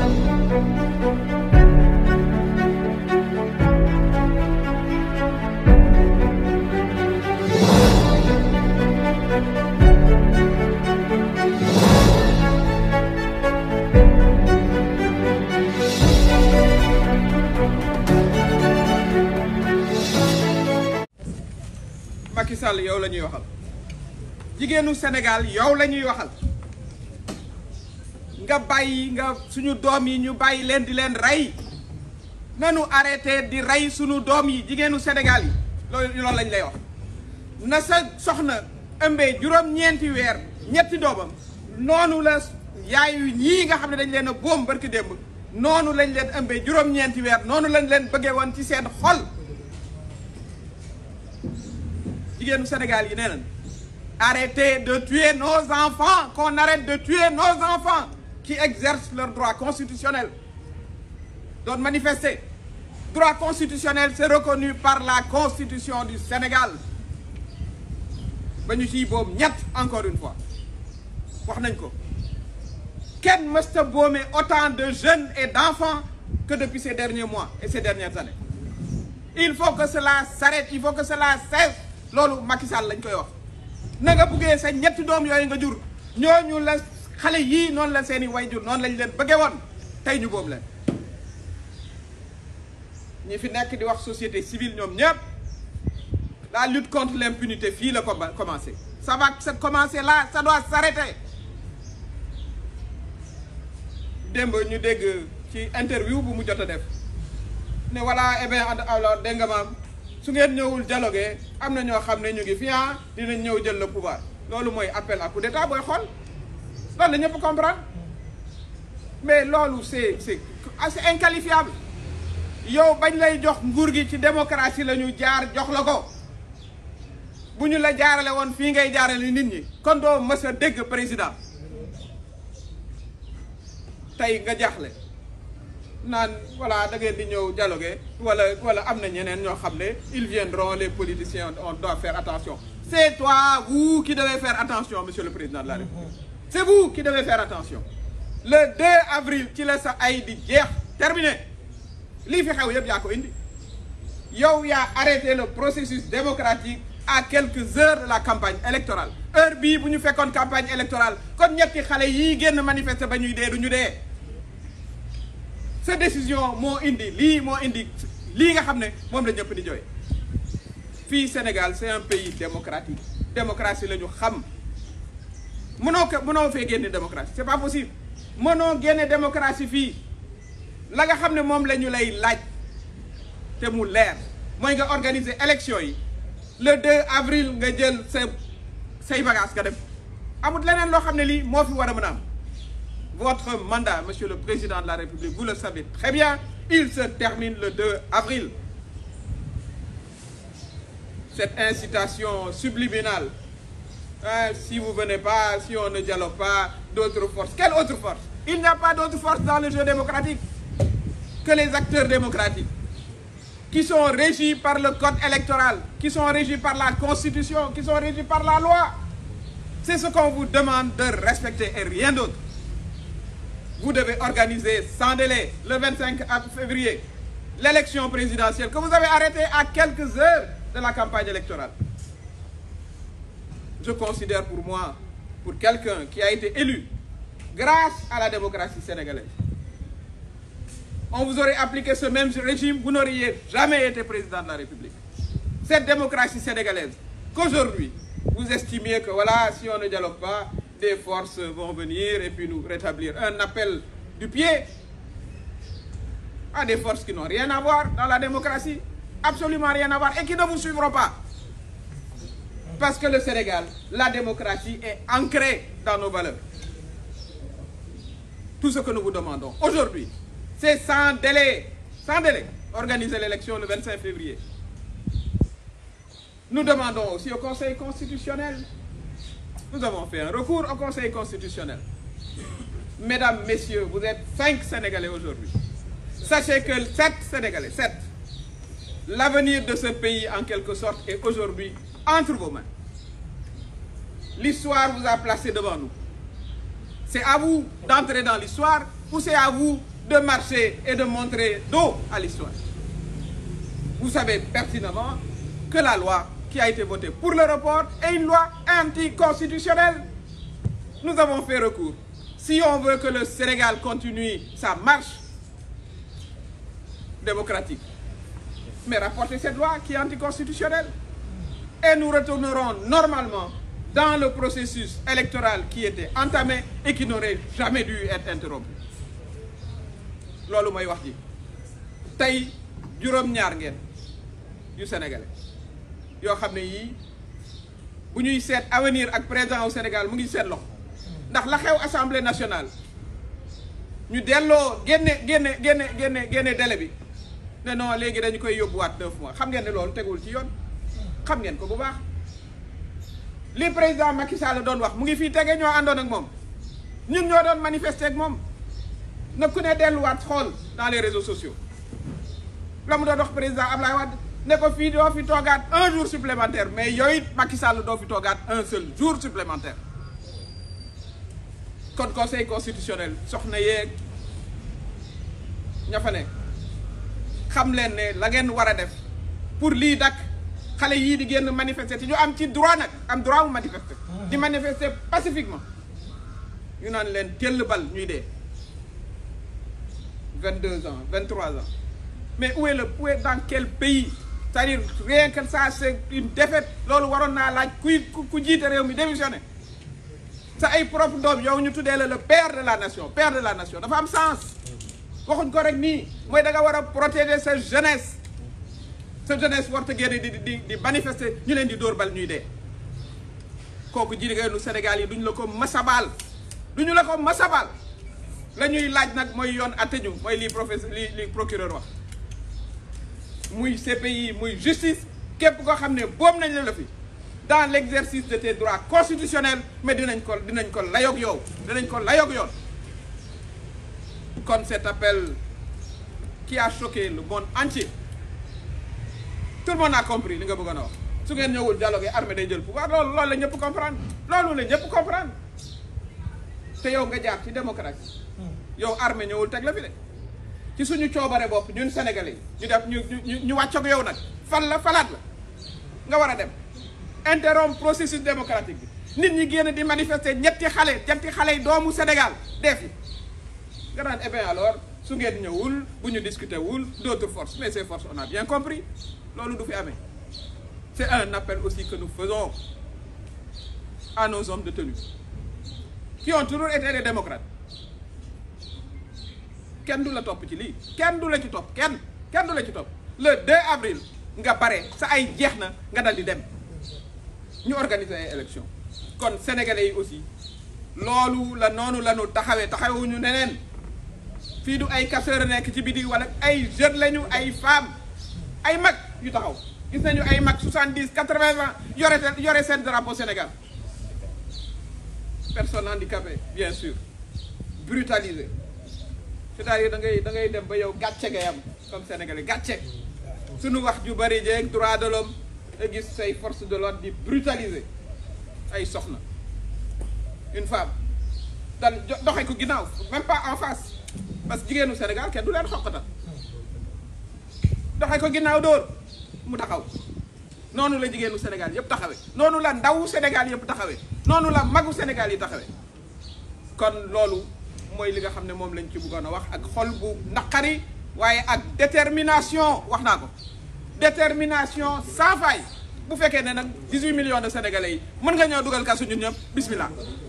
Macky Sall yow la ñuy waxal jigéenu Sénégal yow la ñuy waxal nga bàyyi nga suñu doom yi ñu bàyyi leen di leen rey nanu arrêté di rey suñu doom yi jigéenu Sénégal yi loolu loolu lay wax na sa soxna ëmbee juróom-ñeenti weer ñetti doomam noonu la yaayu ñii nga xam ne dañ leen a boom barki démb noonu lañ leen ëmbee juróom-ñeenti weer noonu lañ leen bëggee woon ci seen xol jigéenu Sénégal yi nee nañ arrêtez de tuer nos enfants qu'on de tuer nos enfants qui exercent leur droit constitutionnel doon manifester droit constitutionnel c'est reconnu par la constitution du Sénégal ba ñu ciy boobu ñett encore une fois wax nañ ko kenn mësta boome autant de jeunes et d'enfants que depuis ces derniers mois et ces dernières années il faut que cela s'arrête il faut que cela cesse loolu Macky Sall lañ koy wax na nga buggee sa ñetti doom yooyu nga jur ñooñu la xale yii noonu la seeni wayjur noonu lañ leen bëggee woon tey ñu boobu leen ñi fi nekk di wax société civile ñoom ñëpp la lutte contre l'impunité fii la commencé ça va ça commencer là ça doit s'arrêter démb ñu dégg ci interview bu mu jot a def ne voilà eh bien alors dégg su ngeen ñëwul dialogué am na ñoo xam ne ñu ngi fi ah, dinañ ñëw jël la pouvoir loolu mooy appel à coup d'état booy xool loolu la ñëpp comprendre mais loolu c'est c'est assez ah, inqualifiable yow bañ lay jox nguur gi ci démocratie la ñu jaar jox la ko bu ñu la jaarale woon fii ngay jaarale nit ñi kon doo mës a dégg président tey nga jaaxle naan voilà da ngeen di ñëw dialoguer wala wala am na ñeneen ñoo xam ne ils viendront les politiciens on doit faire attention c'est toi vous qui devez faire attention monsieur le président de la République c'est vous qui devez faire attention le 2 avril ci la sa ay di jeex terminé li fi xew yëpp yaa ko indi yow yaa arrêté le processus démocratique à quelques heures de la campagne électorale heure bii bu ñu fekkoon campagne électorale kon ñetti xale yii génn manifester ba ñuy dee du ñu dee sa décision moo indi lii moo indi lii nga xam ne moom la ñëpp di jooy fii Sénégal c'est un pays démocratique démocratie la ñu xam mënoo ko mënoo fee génne démocratie c'est pas possible mënoo génne démocratie fii la nga xam ne moom la ñu lay laaj te mu leer mooy nga organiser élection yi le 2 avril nga jël sa say bagages nga dem amut leneen loo xam ne lii moo fi war a mën a am votre mandat monsieur le président de la république vous le savez très bien il se termine le 2 avril cette incitation subliminale Ah, si vous venez pas, si on ne dialogue pas, d'autres forces. Quelle a pas d'autre force dans le jeu démocratique que les par le code électoral, qui sont régis par la constitution, qui sont par la loi. C'est ce qu'on vous demande de respecter et rien organiser sans délai le 25 février l'élection présidentielle que vous avez arrêtée à quelques heures de la campagne électorale. je considère pour moi, pour quelqu'un qui a été élu grâce à la démocratie sénégalaise, on vous aurait appliqué ce même régime, vous n'auriez jamais été président de la République. Cette démocratie sénégalaise, qu'aujourd'hui, vous estimiez que si on ne dialogue pas, des forces vont venir et nous rétablir un appel du pied à des forces qui n'ont rien à voir dans la démocratie, absolument rien à voir, et qui ne vous suivront pas. parce que le Sénégal, la démocratie est ancrée dans nos valeurs. Tout ce que nous vous demandons aujourd'hui, c'est sans délai, organiser l'élection le 25 février. Nous demandons aussi au Conseil constitutionnel. Nous avons fait un recours au Conseil constitutionnel. Mesdames, Messieurs, vous êtes cinq Sénégalais aujourd'hui. Sachez que sept Sénégalais, l'avenir de ce pays en quelque sorte et aujourd'hui entre vos mains. L'histoire vous a placé devant nous. C'est à vous d'entrer dans l'histoire ou c'est à vous de marcher et de montrer dos à l'histoire. Vous savez pertinemment que la loi qui a été votée pour le report est une loi anticonstitutionnelle. Nous avons fait recours. Si on veut que le Sénégal continue sa marche démocratique, mais rapportez cette loi qui est anticonstitutionnelle. et nous retournerons normalement dans le processus électoral qui était entamé et qui n'aurait jamais dû loolu mooy wax ji tey juróom-ñaar ngeen yu sénégalais yoo xam ne yii bu ñuy seet avenir ak présent au Sénégal mu ngi seet loxo ndax la xew assemblée nationale ñu delloo génne génne génne génne génne délai bi ne non léegi dañu koy yóbbuwaat neuf mois xam ngeen ne loolu tegul ci yoon. xam ngeen ko bu baax li président Macky Sall doon wax mu ngi fii tege ñoo àndoon ak moom ñun ñoo doon manifester ak moom na ku ne delluwaat xool dans les réseaux sociaux la mu doon wax président am Ablaye Wade ne ko fii doo fi toogaat un jour supplémentaire mais yooyu Macky Sall doo fi toogaat un seul jour supplémentaire kon conseil constitutionnel soxna yeeg ña fa ne xam leen ne la ngeen war a def pour lii dakk xale yii di génn manifester te ñu am ci droit nag am droit mu manifester. di manifester pacifiquement. ñu naan leen tell bal ñuy dee. vingt deux ans vingt trois ans mais où est le où est dans quel pays cest rien que ça c'est une défaite loolu waroon naa laaj kuy ku jiite réew mi démissionné sa ay propre doom yow ñu tuddee la le père de la nation père de la nation dafa am sens waxuñ ko rek nii mooy da nga war a protéger sa jeunesse warta génne di di di manifester ñu leen di dóor bal ñuy dee kooku jigéenu Sénégal yi duñu la ko masabaal duñu la ko masabaal la ñuy laaj nag mooy yoon àtte ñu mooy li professeur li li procureur wax muy CPI muy justice képp koo xam ne boom nañ la la fi dans l'exercice de tes droits constitutionnels mais dinañ ko dinañ ko layoog yow dinañ ko layoog yoon kon cet appel qui a choqué le monde entier tout le monde a li nga bëgg a wax su ngeen ñëwul dialogue armée day jël pouvoir loolu loolu la ñëpp comprendre loolu la ñëpp comprendre te yow nga jaar ci démocratie hmm. yow armée ñëwul teg la fi de ci suñu coobare bopp ñun sénégalais yi ñu def ñu ñu wàccoog yow nag fal la falaat la nga war a dem interrompre processus démocratique bi nit ñi génn di manifester ñetti xale ñetti xale yi doomu Sénégal def yi nga naan eh bien su ngeen ñëwul bu ñu discuter wul d'autres forces mais ces forces on a bien compris loolu du fi amee c'est un appel aussi que nous faisons à nos de tenue qui ont toujours été des kenn du la topp ci lii kenn du la ci topp kenn kenn du la ci topp le 2 avril nga pare sa ay jeex na nga dal di dem ñu organiser ay élections kon sénégalais yi aussi loolu la noonu la ñu taxawee taxawuñu neneen fii du ay casseurs nekk ci biti wala ay jeunes lañu ay femmes ay mag yu taxaw gis nañu ay mag soixante dix quatre vingt ans yore seen yore seen drapeau Sénégal personne handicapée bien sûr brutalisé c'est-à-dire da ngay da ngay dem ba yow gàcce ngay am comme sénégalais gàcce suñu wax ju bari jeeg droit de l'homme nga gis say force de l'ordre di brutaliser ay soxna une femme dal doxe ko ginnaaw même pas en face parce que jigéenu Sénégal kenn du leen xoqatal doxe ko ginnaaw dóor mu taxaw noonu la jigéenu Sénégal yëpp taxawe noonu la ndawu Sénégal yëpp taxawe noonu la magu Sénégal yi taxawee kon loolu mooy li nga xam ne moom lañ ci buggoon a wax ak xol bu naqari waaye ak détermination wax naa ko détermination sans faille bu fekkee ne nag 18 million de sénégalais yi mën nga ñoo dugal kasu ñun ñëpp bismillah